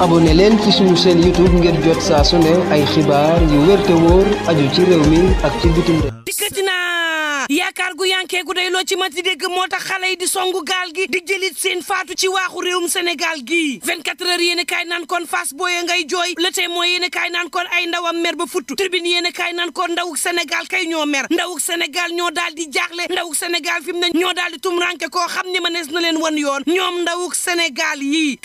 abonné leen ci suñu chaîne YouTube ngir jot saa su ne ay xibaar yu wér te aju ci réew mi ak ci bitim réew. dikkati naa yaakaar gu yankee gu day loo ci mati dégg moo tax xale yi di songu gaal gi di jëlit seen faatu ci waaxu réewum Sénégal gii 24 heures yéen a kaay naan kon fas booye ngay jooy le témoin yéen a kaay naan kon ay ndawam mer ba futt tribune yéen a kaay naan kon ndawuk senegal kay ñoo mer ndawuk Sénégal ñoo daal di jaaxle ndawuk Sénégal fi mu ne ñoo daal di tumranke koo xam ni mënees na leen wan yoon ñoom ndawuk Sénégal yii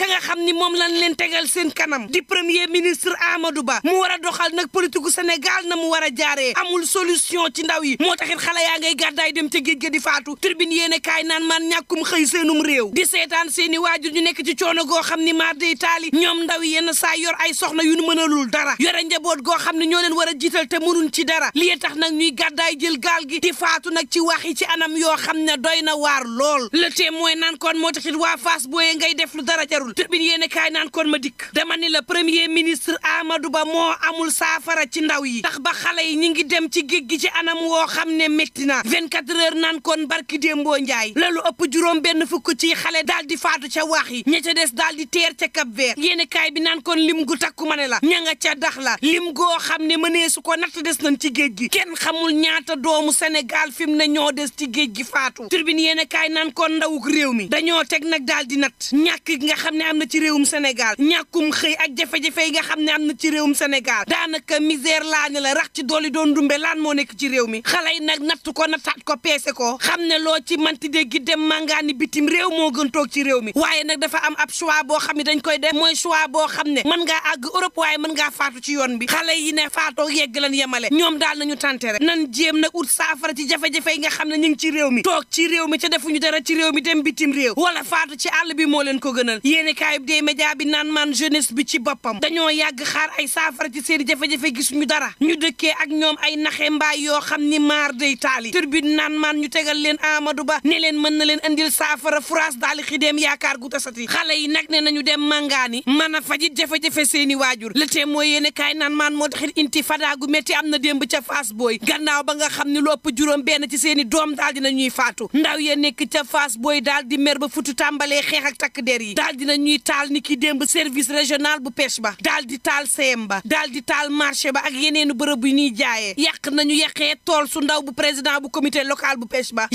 tegal seen kanam di premier ministre amadu Ba mu war a doxal nag politique gu Sénégal na mu war a jaaree amul solution ci ndaw yi moo taxit xale yaa ngay gàddaay dem ca géej di faatu tribune yéene naan man ñàkkum xëy seenum réew di seetaan seeni waajur ñu nekk ci coono goo xam ni maa day taali ñoom ndaw yi yenn saa yor ay soxna yu nu mënalul dara yore njaboot goo xam ne ñoo leen war a jiital te mënuñ ci dara lii tax nag ñuy gàddaay jël gaal gi di faatu nag ci wax yi ci anam yoo xam ne doy na waar lool le témoin naan moo taxit waa Fass ngay def lu dara jarul tribune yéene kaay naan kon ma di dikk dama ni la premier ministre amadu Ba moo amul saafara ci ndaw yi ndax ba xale yi ñu ngi dem ci géej gi ci anam woo xam ne métti na 24 heures naan kon barki démboo njaay lalu ëpp juróom benn fukk ci xale daal di faatu ca wax yi ña ca des daal di teer ca Cap Vert yéeni bi naan kon lim gu takku ma ne la ña nga ca dax la lim goo xam ne mënee su ko natt des nañ ci géej gi kenn xamul ñaata doomu Sénégal fi mu ne ñoo des ci géej gi faatu turbine yéeni kaay naan kon ndawuk réew mi dañoo teg nag daal di natt ñàkk nga xam ne am na ci réewum Sénégal ñàkkum xëy ak jafe-jafe yi nga xam ne am na ci réewum Sénégal daanaka misère laa ne la rax ci dooli doon dumbe laan moo nekk ci réew mi xale yi nag natt ko nattaat ko peese ko xam ne loo ci manti dégg dem màngaani bitim réew moo gën ci réew mi waaye nag dafa am ab choix boo xam ne dañ koy def mooy choix boo xam ne mën ngaa àgg Europe waaye mën ngaa faatu ci yoon bi xale yi ne faatoo yegg lan yemale ñoom daal nañu tante rek nan jéem nag ut saafara ci jafe-jafe yi nga xam ne ñu ngi ci réew mi toog ci réew mi ci defuñu dara ci réew mi dem bitim réew wala faatu ci àll bi moo leen ko gënal yéene kaay bi dee média bi naan man kon jeunesse bi ci boppam dañoo yàgg xaar ay saafara ci seen jafe-jafe ñu dara ñu dëkkee ak ñoom ay naxe mbaay yoo xam ni maar day taali turbine naan maan ñu tegal leen Amadou Ba ne leen mën na leen andil saafara France daali xideem yaakaar gu tasati xale yi nag ne nañu dem màngaani mën a fajit jafe-jafe seeni waajur le tee mooy yéene kaay naan maan moo taxit intifada gu métti am na démb ca Fass booy gannaaw ba nga xam ni lu ëpp juróom benn ci seeni doom daal dina ñuy faatu nekk ca Fass Boy daal di ba futu tàmbalee ak takk der yi daal dina ñuy taal ni ki démb service office régional bu pêche ba daal di taal CEM ba daal di taal marché ba ak yeneenu bërëb bu ñuy jaayee yàq nañu yàqee tool su ndaw bu président bu comité local bu pêche ba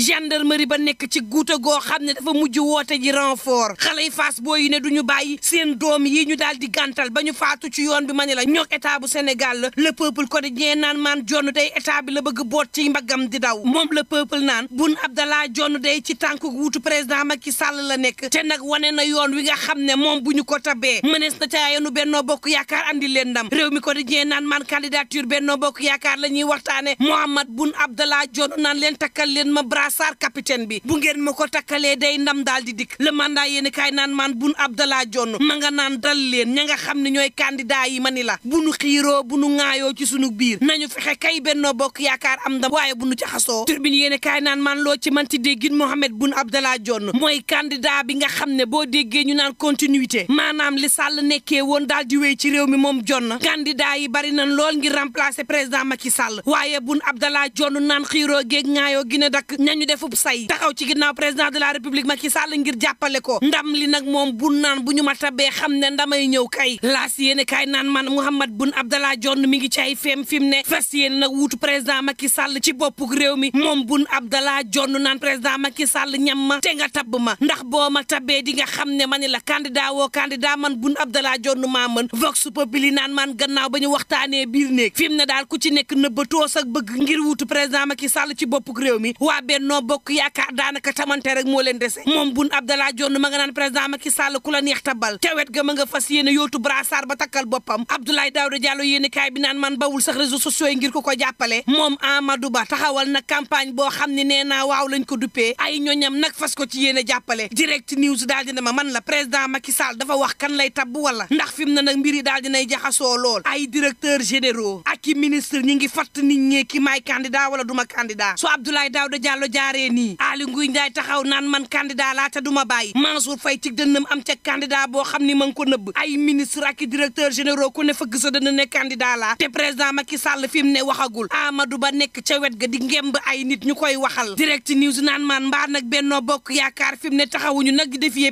mari ba nekk ci guuta goo xam ne dafa mujj woote ji renfort xale yi fas boo yi ne ñu bàyyi seen doom yi ñu daal di gàntal ba ñu faatu ci yoon bi ma la ñoog état bu Sénégal la le peuple ko di ñee naan maan jonn day état bi la bëgg boot ci mbaggam di daw moom la peuple naan Boun Abdallah Dionne day ci tànk wuutu président Macky Sall la nekk te nag wane na yoon wi nga xam ne moom bu ñu ko tabee mënees na caa yoonu bennoo bokk yaakaar andi leen ndam réew mi quotidien naan man candidature bennoo bokk yaakaar la ñuy waxtaane Mohammed Boun Abdallah Dionne naan leen takkal leen ma brassard capitaine bi bu ngeen ma ko takkalee day ndam daal di dikk le mandat yéen kaay naan man Boun Abdallah Dionne ma nga naan dal leen ña nga xam ne ñooy candidat yi ma ni la bu nu xiiroo bu nu ŋaayoo ci sunu biir nañu fexe kay bennoo bokk yaakaar am ndam waaye bu nu jaxasoo turbine yéen kaay naan man loo ci man ci déggin Mohammed Boun Abdallah Dionne mooy candidat bi nga xam ne boo déggee ñu naan continuité maanaam li Sall nekkee woon daal di wéy ci réew mi moom jonn candidat yi bari nañ lool ngir remplacer président Macky Sall waaye bun Abdallah jonn naan xiiroo géeg ŋaayoo gine dakk ñañu defub say taxaw ci ginnaaw président de la république Macky Sall ngir jàppale ko ndam li nag moom bun naan bu ñu ma tabee xam ne ndamay ñëw kay laas yéene kaay naan man Mouhamad bun Abdallah jonn mi ngi ci ay feem fi mu ne fas président Macky Sall ci boppuk réew mi moom bun Abdallah jonn naan président Macky Sall ñam ma te nga tabb ma ndax boo ma tabee di nga xam ne ma la candidat woo candidat man Boun Abdallah Dionne maa mën vox populi ba ñu waxtaanee biir néeg fi mu ne daal ku ci nekk nëbbatoos ak bëgg ngir wutu président mi waa Benno Bokk Yaakaar daanaka tamante rek moo leen dese moom Boun Abdallah Dionne ma nga naan président Macky Sall ku la neex tabal te wet ga ma takkal boppam Abdoulaye Daouda Diallo yéene kaay naan man bawul sax réseaux sociaux yi ngir ko ko jàppale moom Amadou Ba taxawal na campagne boo xam ne nee naa waaw lañ ko duppee ay ñoñam fas ko ci yéene jàppale direct news daal dina ma man la président Macky Sall dafa wax kan lay tabb wala ndax fi mu ne nag mbir yi daal dinay jaxasoo lool ay directeurs généraux ak ki ministre ñi ngi fatt nit ñee ki maay candidat wala duma candidat su Abdoulaye Daouda Diallo jaaree nii Aly Ngouille Ndiaye taxaw naan man candidat la te duma bàyyi Mansour Faye ci dënnam am ca candidat boo xam ni ma ngi ko nëbb ay ministre ak i directeurs généraux ku ne fëgg sa dana ne candidat laa te président Macky Sall fi mu ne waxagul Amadou Ba nekk ca wet ga di ngemb ay nit ñu koy waxal direct news naan maan mbaa nag Benno Bokk Yaakaar fi mu ne taxawuñu nag di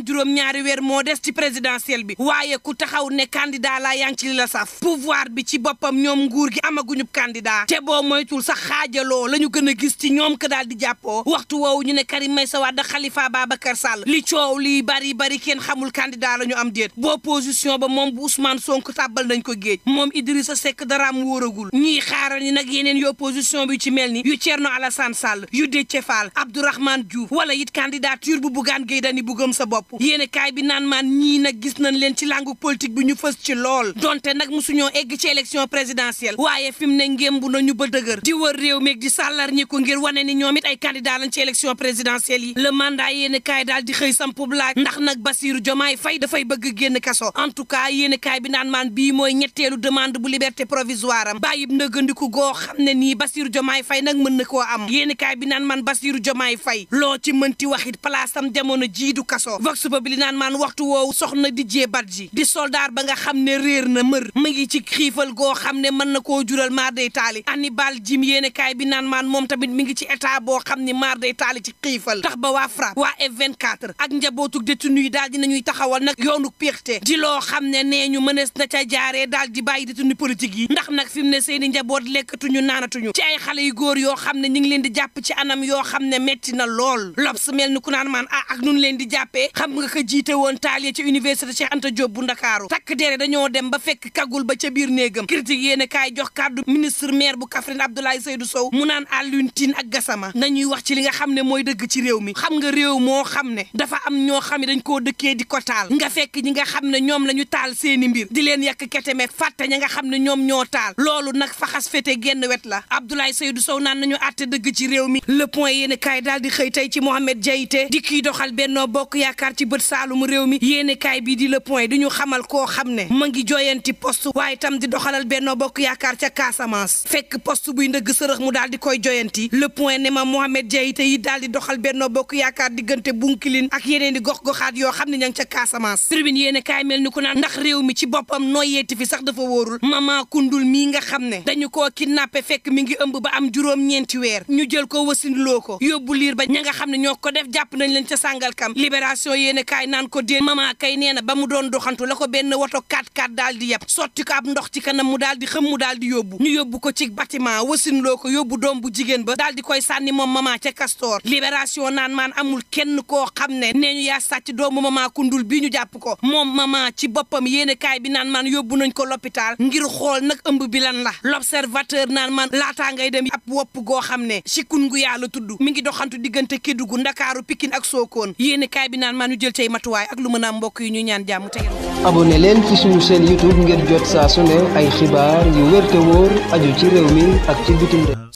de la ñaari weer moo des ci présidentielle bi waaye ku taxaw ne candidat laa yaa ngi ci li la saf pouvoir bi ci boppam ñoom nguur gi amaguñu candidat te boo moytul sax xaajaloo la ñu gën a gis ci ñoom ka daal di jàppoo waxtu woowu ñu ne Karim Meïssa Wade Khalifa Babacar Sall li coow li bari bari kenn xamul candidat la ñu am déet bu opposition ba moom bu Ousmane Sonko tàbbal nañ ko géej moom Idrissa Seck daraam wóoragul ñii xaaral ni nag yeneen yu opposition bi ci mel ni yu Thierno Alassane Sall yu Déthié Fall Abdourahmane Diouf wala it candidature bu Bougane Gueye Dany bu gëm sa bopp yéenekaay bi naan maan ñii nag gis nañ leen ci langue politique bi ñu fës ci lool donte nag musuñoo egg ci élection waaye fi mu ne ngémbu nañu ba dëgër di wër réew meeg di ñi ko ngir wane ni ñoom it ay candidat lañ ci élection présidentielle yi yéenekaay daal di xëy sampub laaj ndax nag Bassirou Diomaye fay dafay bëgg génn kaso en tout cas yéenekaay bi naan maan bii mooy ñetteelu demande bu liberté provisoire am bàyyib ndëggandiku goo xam ne nii Bassirou Diomaye fay nag mën na koo am yéenekaay bi naan man Bassirou Diomaye fay loo ci mënti waxit place am jamono jii du kaso bi naan maan waxtu woowu soxna di Didier Badji di soldaar ba nga xam ne réer na mër ma ngi ci xiifal goo xam ne mën na koo jural maar day taali Hannibal Djim yéene kaay bi naan maan moom tamit mi ngi ci état boo xam ne maar day taali ci xiifal tax ba waa FRAPP waa F24 ak njabootuk détenu yi daal ñuy taxawal nag yoonu piirte di loo xam ne nee ñu mënees na ca jaaree daal di bàyyi détenu politique yi ndax nag fi mu ne seeni njaboot lekkatuñu naanatuñu ci ay xale yu góor yoo xam ne ñu ngi leen di jàpp ci anam yoo xam ne metti na lool lobs ah di jàppee ka jiite woon taal ya ci université Cheikh Anta Diop bu Ndakaaru takk dere dañoo dem ba fekk kagul ba ca biir néegam critique yéen kaay jox kàddu ministre maire bu Kaffrine Abdoulaye Seydou Sow mu naan Alioune Tine ak Gassama nañuy wax ci li nga xam ne mooy dëgg ci réew mi xam nga réew moo xam ne dafa am ñoo xam ne dañ koo dëkkee di ko taal nga fekk ñi nga xam ne ñoom la ñu taal seeni mbir di leen yàq ketemet fàtte ña nga xam ne ñoom ñoo taal loolu nag faxas fete genn wet la Abdoulaye Seydou Sow naan nañu att dëgg ci réew mi le point yéen kaay daal di xëy tey ci Mohamed Diayité di kii doxal Benno Bokk saalum réew mi yéene kaay bi di le point di ñu xamal ko xam ne ma ngi jooyanti post waaye tam di doxalal Benno Bokk Yaakaar ca Casamance fekk post buy ndëgg sërëx mu daal di koy joyanti le point ne ma Mohamed Diaité yi daal di doxal Benno Bokk Yaakaar diggante Bunkilin ak yeneen di gox-goxaat yoo xam ne ña ngi ca Casamance tribune yéene kaay mel ni ku naan ndax réew mi ci boppam nooyeeti fi sax dafa wóorul mama kundul mii nga xam ne dañu koo kidnappé fekk mi ngi ëmb ba am juróom weer ñu jël ko wasinloo ko yóbbu liir ba ña nga xam ne ñoo ko def jàpp nañ leen ca sàngal libération yéene kaay naan ko dée mama kay nee na ba mu doon doxantu la ko benn woto 4x4 daal di sotti ko ab ndox ci kanam mu daal di xëm mu daal di yóbbu ñu yóbbu ko ci bâtiment wasin loo ko yóbbu doom bu jigéen ba daal di koy sànni moom mama ca Castor libération naan maan amul kenn koo xam ne nee ñu yaa sàcc doomu mama kundul bi ñu jàpp ko moom mama ci boppam yéene kaay bi naan maan yóbbu nañ ko l'hôpital ngir xool nag ëmb bi lan la l'observateur naan maan laataa ngay dem ab wopp goo xam ne chikungunya la tudd mi ngi doxantu diggante Kédougou Ndakaaru Pikine ak Sokone yéene kaay bi naan maan ñu jël cay matuwaay ak lu mën a mbokk yi ñu ñaan jàmm te abonné leen ci suñu chaîne YouTube ngir jot saa su ne ay xibaar yu wér te wóor aju ci réew mi ak ci bitim réew